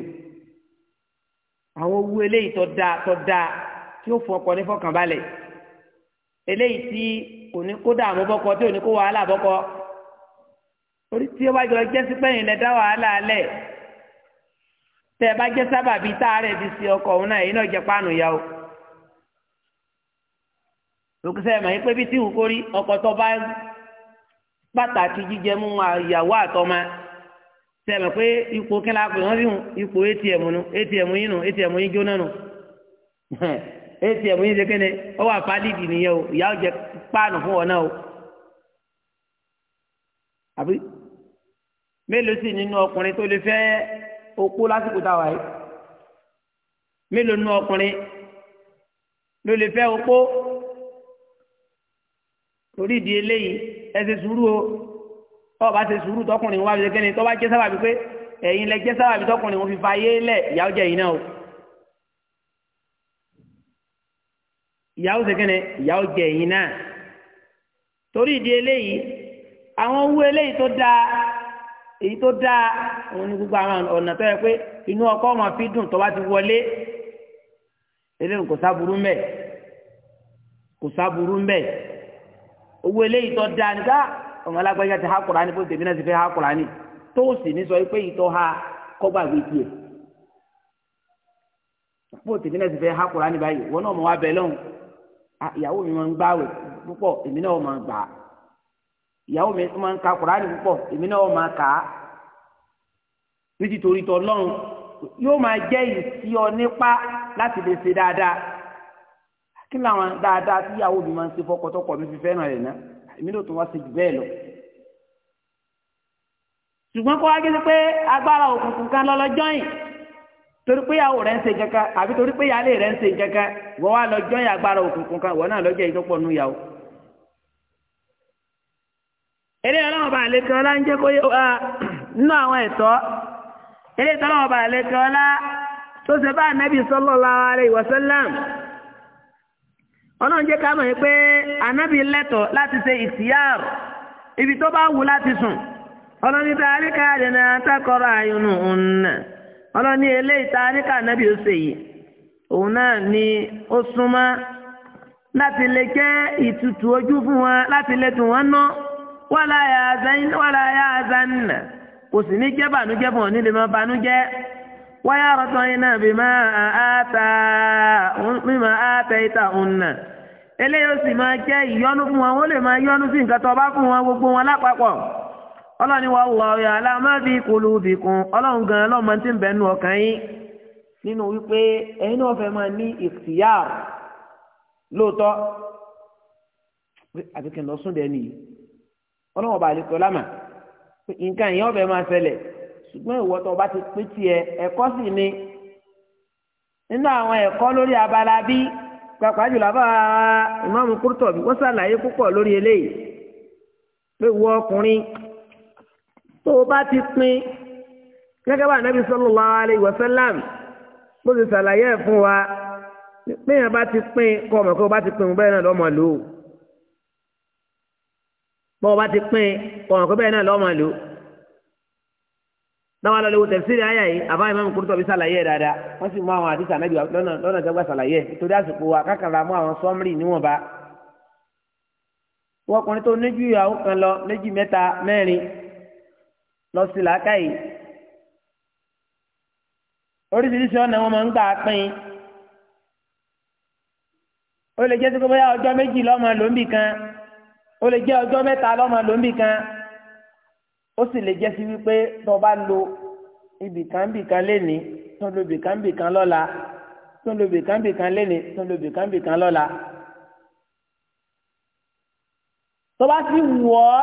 àwọn owó eléyìí tó dáa tó dáa tí ó fún ọkọ ní fọkànbalẹ̀ eléyìí tí kò ní kó dààmú bọ́kọ tí ò ní kó wàhálà bọ́kọ orí tí ó bá jọ jẹ́ sí pẹ́yìn lẹ́dá wàhálà alẹ́ tẹ́ ẹ bá jẹ́ sábàbí táàrẹ̀ bí sí ọkọ òun náà èyí náà jẹ́ páànù yá o lókùsẹ́ màá yín pé bí tí ìwúkórí ọkọ tó bá pàtàkì jíjẹ mú ìyàwó àtọmọ sẹ́mi pé ipò kílá pé wọ́n fi hùn ipò atm nu atm yín nu atm yín jóná nu atm yín ṣe kéde ó wà fálídì nìyẹn o ìyá ò jẹ páànù fún ọ náà o àbí mélòó sì nínú ọkùnrin tó lè fẹ́ okó lásìkò táwa yìí mélòó nínú ọkùnrin ló lè fẹ́ okó torí ìdí eléyìí ẹ sùúrù o tọ́ọ̀ bá ṣe sùúrù tọkùnrin wọn bá fi ṣe kíni tọ́ bá jẹ́ sábàbí pé ẹ̀yin lẹ jẹ́ sábàbí tọkùnrin wọn fi fa ayé lẹ̀ ìyàwó jẹ́ yìí náà o ìyàwó ṣe kíni ìyàwó jẹ́ yìí náà torí ìdí eléyìí àwọn owó eléyìí tó dáa èyí tó dáa òun ni gbogbo àwọn ọ̀nà tó yẹ pé inú ọkọ ọmọ fi dùn tó bá ti wọlé eléyìí kò sábúrú mbẹ kò sábúrú mbẹ owó eléyìí tó dáa nígbà ọmọ ti há kùránì bó tèmi náà ti fẹ́ há kùránì tó sì ní sọ pé ìtọ́ ha kọ́gbàgbé tiẹ̀ bó tèmi náà ti fẹ́ há kùránì báyìí wọn náà mọ̀ wá bẹ̀ lọ́hùn ìyàwó mi máa ń gbààwẹ̀ púpọ̀ èmi náà máa gbà á ìyàwó mi máa ń ka kùránì púpọ̀ èmi náà máa kà á títí torí tọ́ lọ́run yóò máa jẹ́ ìsí ọ nípa láti lè ṣe dáadáa kí làwọn dáadáa tíyàwó mi máa ń ṣe fọkọtọkọ mi fi fẹ́ràn rẹ̀ náà èmi ló tún wá sí jù bẹ́ẹ̀ lọ. ṣùgbọ́n kó wá gé sí pé agbára òkùnkùn kan lọ lọ́jọ́ yìí torí pé ìyàwó rẹ̀ ń ṣe kankan àbí torí pé ìyáálé rẹ̀ ń ṣe kankan wọ́n wá lọ́jọ́ yìí agbára òkùnkùn kan wọ́n náà lọ́jọ́ ìjọpọ̀ nù ìyàwó. eré ọlọ́run bá àlékè ọlá ń jẹ́ kó ah, nínú àwọn ẹ̀tọ́ eré ìtọ́lọ́run bá àlékè ọlá tó ṣe bá ànábì sallallahu alaihi wasallam ọlọ́run jẹ́ ká mọ̀ yìí pé anábì lẹ́tọ̀ láti ṣe ibi tó bá wù láti sùn ọlọ́ni tá a rí káàdì àyùnú eléyìí ta a anabi ó ṣe yìí ni ó súnmọ́ láti lè jẹ́ ìtutù ojú fún wọn láti lè wala ya ná wàlá yà àzánà kò sì ní jẹ́ bànújẹ́ fún bànújẹ́ wáyà yìí náà bí eléyìí ó sì máa jẹ́ ìyọ́nú fún wọn wọ́n lè máa yọ́nú sí nǹkan tó bá fún wọn gbogbo wọn lápapọ̀ ọlọ́ni wa wọ̀ ọ̀yà aláàmọ́bí bìkún ọlọ́run gan tí ń bẹ̀ nù ọkàn yín nínú wípé ẹ̀yin náà fẹ́ máa ní ìfìyà lóòótọ́ kí n lọ sún dẹ́ni ọlọ́run ọba àlekọ lámà nǹkan ti pín tiẹ̀ ẹ̀kọ́ sì ni nínú àwọn ẹ̀kọ́ lórí abala pàápàá jùlọ àbá ìmáàmù Kúrútọ̀bí wọ́n ṣàlàyé púpọ̀ lórí eléyìí pé wọ ọkùnrin tó o bá ti pín gẹ́gẹ́ bá ànábì sallallahu alaihi wasallam bó ti ṣàlàyé ẹ̀ fún wa péyàn bá ti pín kọ́ ọmọ kó o bá ti pín bẹ́ẹ̀ náà lọ́mọ lò ó bọ́ ọ bá ti pín kọ́ ọmọ kó bẹ́ẹ̀ náà lọ́mọ lò ó náà wọn lọ léwu tẹ̀síìrì ayà yìí àbá ìmáàmù Qurtubi sàlàyé ẹ̀ dáadáa wọ́n sì mú àwọn àdìsí ànábì lọ́nà lọ́nà tẹ́gbà sàlàyé nítorí àsìkò wa kákàrà mú àwọn sọ́mìrì níwọ̀nba. wọ́n ọkùnrin tó níjú ìyàwó kan lọ méjì mẹ́ta mẹ́rin lọ sí làákàyè. oríṣiríṣi ọ̀nà wọn máa ń gbà pín ó lè jẹ́ sí pé bóyá ọjọ́ méjì lọ́mọ lóńbì kan ó lè jẹ́ ọjọ́ mẹ́ta lọ́mọ lóńbì ó sì lè jẹ́ sí wípé tó bá lo ibìkanbìkan lẹ́ni tó lo ibìkanbìkan lọ́la tó lo ibìkanbìkan lẹ́ni tó lo ibìkanbìkan lọ́la tó bá sì wù ọ́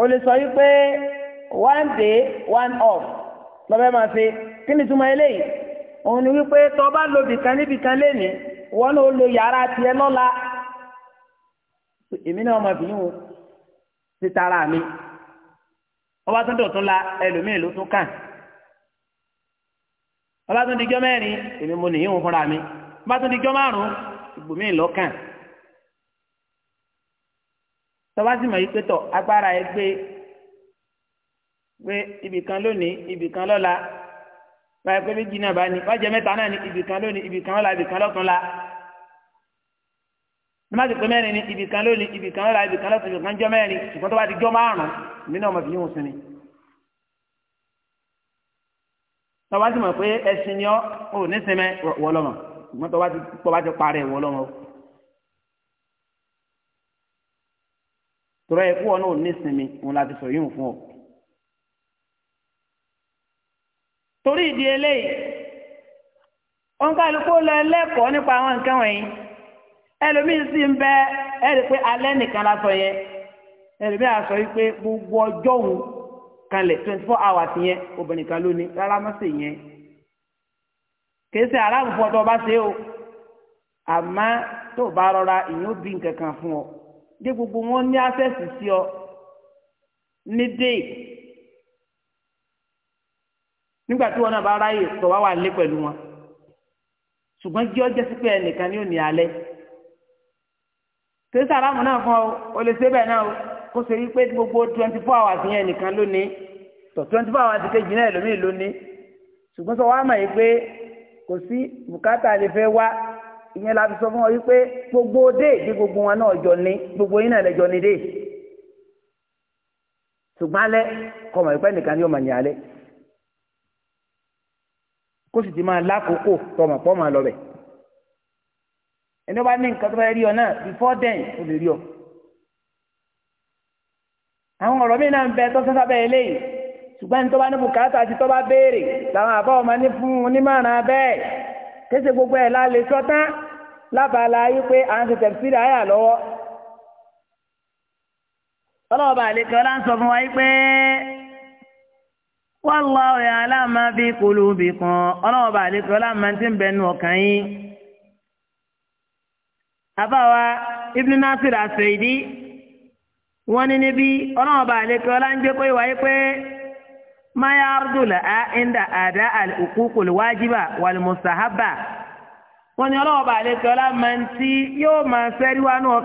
o lè sọ wípé one day one off lọ́bẹ̀ máa ṣe kí ni túmọ̀ eléyìí òun ni wípé tó bá lo ibìkan níbìkan lẹ́ni wọn náà lo yàrá tiẹ̀ lọ́la èmi náà máa fi yín o ti tara mi ọba tó dọ̀tún la ẹlòmíì ló tún kàn ọba tó dijọ́ mẹ́rin èmi mo nìyí ń fúnra mi ọba tó dijọ́ márùn-ún ìgbòmíì lọ kàn tọ́ba sì mọ̀ yí pé tọ̀ agbára ẹ gbé gbé ibìkan lónìí ibìkan lọ́la báyìí pé méjì náà bá ní wájú mẹ́ta náà ní ibìkan lónìí ibìkan lọ́la ibìkan lọ́tún la ní má ti pé mẹ́rin ní ibì kan lónìí ibì kan lọ́la ibì kan lọ́sọ̀ ibì kan jọ mẹ́rin ṣùgbọ́n tó bá di jọ márùn-ún mí náà mọ̀ fi yíwọ̀n sinmi. tó bá ti mọ̀ pé ẹ̀sìn ni ọ́ ò ní sinmi wọlọ́mọ̀ ṣùgbọ́n tó bá ti tó bá ti parẹ́ wọlọ́mọ̀ o. tọ́lá ẹ̀kú ọ̀ náà ní sinmi òun la fi sọ yíwọ̀n fún ọ. torí ìdí eléyìí wọn kálukú lọ ẹlẹ́kọ̀ọ́ nípa àwọn nǹkan wọ̀nyí ẹlòmíín sì ń bẹ ẹ̀rí pé alẹ́ nìkan la sọ yẹn ẹlòmíín a sọ yìí pé gbogbo ọjọ́ òun kanlẹ̀ twenty four hours yẹn obìnrin kan lónìí rárá má ṣe yẹn kìí ṣe aráàlú fún ọtọ ọba ṣe o àmọ́ tó bá rọra ìyẹn ó bí nǹkan kan fún ọ dé gbogbo wọn ní access sí ọ ní dé nígbà tí wọn náà bá ráyè tó wá wà lé pẹ̀lú wọn ṣùgbọ́n jí ọjọ́ sí pé ẹnìkan ní òní alẹ́ tẹsí aráàmù náà fún ọ o lè ṣe bẹ́ẹ̀ náà o kó ṣe yí pé gbogbo twenty four hours yẹn nìkan lónìí tọ twenty four hours kejì náà lómi lónìí ṣùgbọ́n sọ wàá mọ̀ yìí pé kò sí bùkátà lè fẹ́ wá ìyẹn la fi sọ fún ọ wípé gbogbo déèdì gbogbo wọn náà jọ ní gbogbo yín náà lè jọ ní dé ṣùgbọ́n alẹ́ kọ́ mọ̀ ìpẹ́ nìkan ni ó mọ̀ ní alẹ́ kó sì ti máa lákòókò tọmọ̀ pọ́ máa lọ bẹ̀ ẹni ó bá ní nǹkan tó bá rí ọ náà before then ó lè rí ọ. àwọn ọ̀rọ̀ mi náà ń bẹ tó sọ́sọ́ bẹ́ẹ̀ léyìí ṣùgbọ́n ní tó bá ní bùkátà àti tó bá béèrè làwọn àbá ọmọ ní fún un nímọ̀ràn bẹ́ẹ̀ kéṣe gbogbo ẹ̀ la lè sọ yí pé à ń tètè sí àyà lọ́wọ́. ọlọ́ọ̀bà àlekẹ́ ọlá ń sọ fún wa yí pé wallahu ya'lamu ma fi qulubikum ọlọ́ọ̀bà àlekẹ́ ọlá máa ti ń bẹnu ọkàn yín. Abawa ibn nasir asèdí wọ́n ni níbi ọlọ́run ọba àlekè ọlá pé wáyé pé maya a inda ada al wajiba wal mustahaba wọ́n ní ọba àlekè ọlá tí yóò máa fẹ́rí wá ní wa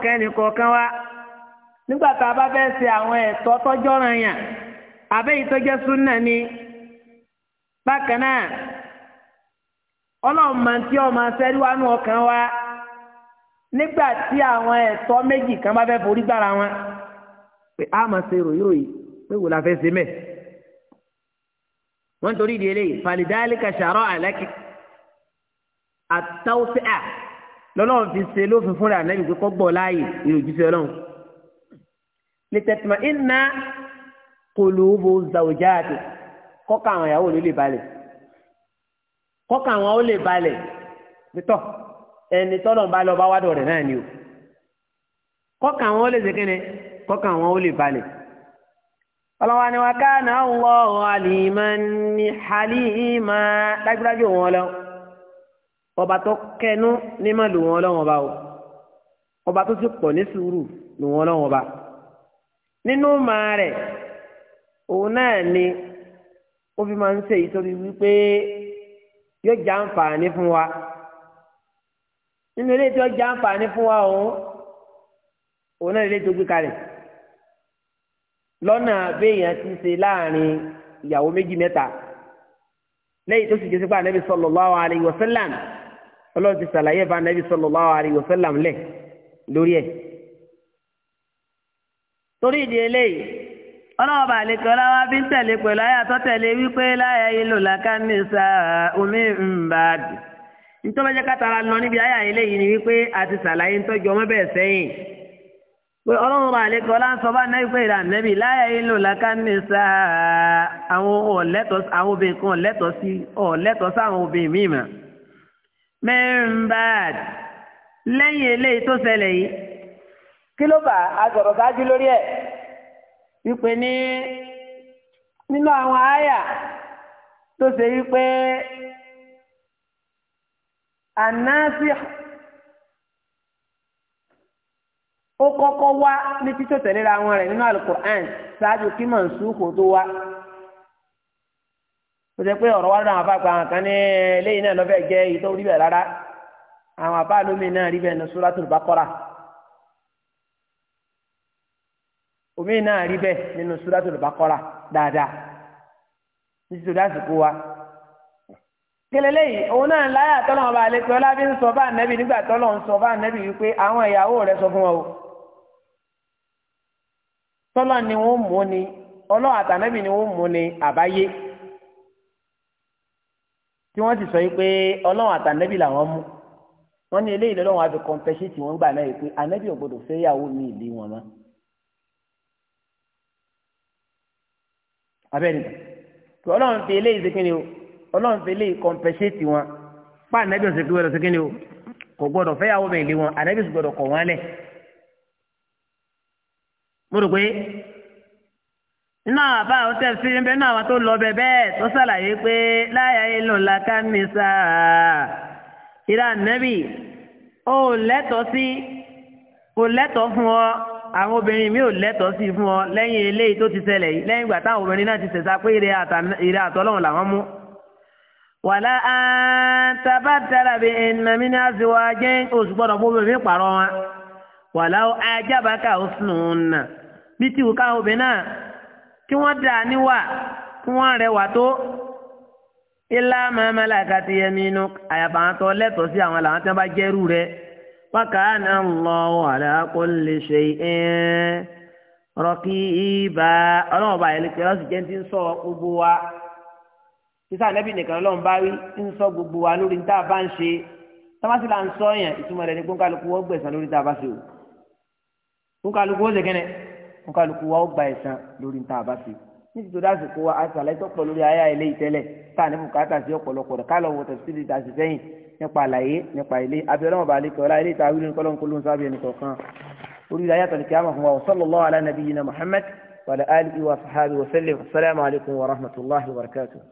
nígbà tá a bá fẹ́ ṣe àwọn ẹ̀tọ́ ni bákan náà ọlọ́run ọ wa. nígbà tí àwọn ẹ̀tọ́ méjì kan bá fẹ́ forí gbára wọn pé a máa ṣe ròyìnròyìn pé wò la fẹ́ ṣe mẹ́. wọ́n torí ìdí eléyìí fàlìdáálì ka ṣàrọ̀ àlẹ́kì àtàwùsí à lọ́lọ́run fi ṣe lófin fúnra ànábì pé kọ́ gbọ́ láàyè ìròjúṣe ọlọ́run. lè tẹ̀tùmá iná kòlóbó zàwùjáàtì kọ́ka àwọn ìyàwó ló lè balẹ̀ kọ́ka àwọn ó lè balẹ̀ pé tọ́ ẹni tọ́lọ̀ ń bá lọ bá wádọ̀ rẹ̀ náà ni o kọ́kà wọn ó lè ṣe kíni kọ́kà wọn ó lè balẹ̀. ọlọ́wà ni wà ká náà ń wọ àlìmọ́ ní àlìmọ́ dájúdájú wọn lọ ọba tó kẹnu ní má lò wọn lọ́wọ́ bá o ọba tó ti pọ̀ ní sùúrù lò wọn lọ́wọ́ bá nínú màá rẹ̀ òun náà ni ó fi máa ń ṣe ìtọ́bi wípé yóò jàǹfààní fún wa. nínú ilé tí ó jẹ́ àǹfààní fún wa òun òun náà ilé tó gbé kalẹ̀ lọ́nà béèyàn ti ṣe láàrin ìyàwó méjì mẹ́ta lẹ́yìn tó sì jẹ́ sípò lọlọ sallallahu alaihi wasallam ọlọ́run ti lẹ̀ lórí ẹ̀ torí ìdí eléyìí bí ń tẹ̀lé pẹ̀lú wípé sáà omi ń bàdì. nítorí jẹ́ kátàrà lọ níbi ayé àyè lẹ́yìn ni wípé àti sàlàyé ń tọ́jú ọmọ bẹ́ẹ̀ sẹ́yìn pé ọlọ́run bá lè kọ́lá ń sọ bá náà pé ìlànà nẹ́bí láyà ìlú làkànnìsà àwọn ọ̀lẹ́tọ̀ àwọn obìnrin kan ọ̀lẹ́tọ̀ sí ọ̀lẹ́tọ̀ sáwọn obìnrin míì mà mẹ́rìnbáàd lẹ́yìn eléyìí tó ṣẹlẹ̀ yìí kí ló bá a sọ̀rọ̀ ṣáájú lórí ẹ̀ wípé ní nínú àwọn àyà tó ṣe wípé ànáfíà ó kọ́kọ́ wá ní títò tẹ̀léra wọn rẹ̀ nínú alukur'an ṣáájú kí mọ̀nsúkò tó wá ó jẹ́ pé ọ̀rọ̀ wá lọ́dọ̀ àwọn afáàpá àwọn kan ní eléyìí náà lọ́fẹ̀ẹ́ jẹ́ èyí tó rí bẹ́ẹ̀ rárá àwọn afáà lómi náà rí bẹ́ẹ̀ ní suratul baqara omi náà rí bẹ́ẹ̀ nínú suratul baqara dáadáa nítorí àsìkò wa kelele yìí òun náà láyà tọ́lọ́mọ bá lè tọ́lá bí ń sọ bá nẹ́bí nígbà tọ́lọ́ ń sọ bá nẹ́bí wípé àwọn ìyàwó rẹ sọ fún wọn o tọ́lọ́ ni wọ́n mú ni ọlọ́wọ́ àtànẹ́bí ni wọ́n mú ni àbáyé tí wọ́n sì sọ yìí pé ọlọ́wọ́ àtànẹ́bí làwọn mú wọ́n ní eléyìí lọ́wọ́ àfi kọ́ńpẹ́ṣẹ́tì wọ́n gbà náà yìí pé ànẹ́bí ò gbọdọ̀ ní ìlé wọn mọ́ abẹ́ni tí ọlọ́run fi eléyìí ọlọ́run fi lè kọ̀mpẹ́sẹ̀tì wọn pa ànábì ọ̀sẹ̀ kí wọ́n lọ sí kíni o kò gbọ́dọ̀ fẹ́yàwó bẹ̀rẹ̀ lé wọn ànábì sì gbọ́dọ̀ kọ̀ wọ́n lẹ̀. mo rò pé nínú àwọn àbá àwọn tẹ̀ sí bẹ́ẹ̀ náà àwọn tó lọ bẹ bẹ́ẹ̀ tó ṣàlàyé pé láyà ìlú làkà mi sá ìlà ànábì ó lẹ́tọ̀ọ́ sí kò lẹ́tọ̀ọ́ fún ọ àwọn obìnrin mi ò lẹ́tọ̀ọ́ sí fún ọ lẹ́yìn eléyìí tó ti ṣẹlẹ̀ yìí lẹ́yìn ìgbà táwọn obìnrin náà ti ṣẹ̀ṣà pé ìrẹ́ àtọ́lọ́run làwọn mú wàlá àtàbà tẹ́lá bí ẹnìmọ̀ mi ní àziwá jẹ́ oṣù gbọ́dọ̀ fún bèbí pààrọ̀ wọn wàlá ajábàkà òsùn nà bí tí ìwúkà obìnrin náà kí wọ́n dà níwà kí wọ́n rẹwà tó ilá mamala kati yaminu àyàfà àwọn tó lẹ́tọ̀ọ́ sí àwọn làwọn tí wọ́n bá jẹ́rù rẹ̀ wákàánà Allahu ala kulli shay'in raqiba ọlọ́run ọba àyẹ̀lẹ́kẹ́ lọ́sì jẹ́ ti ń sọ gbogbo wa sísá ànábì nìkan lọ́n bá rí ń sọ gbogbo wa lórí tá a bá ń ṣe tọ́másì là ń sọ yẹn ìtumọ̀ rẹ̀ ní kónkálukú wọ́n gbẹ̀sán lórí tá a bá ṣe o kónkálukú ó ṣe kẹ́nẹ̀ kónkálukú gba ẹ̀san lórí tá bá ṣe nítorí àsìkò wa àṣàlẹ̀ tó lórí ayé ilé ìtẹ́lẹ̀ tá a ní bùkátà sí ọ̀pọ̀lọpọ̀ rẹ̀ kálọ̀ wọ̀ tẹ̀síìlì tá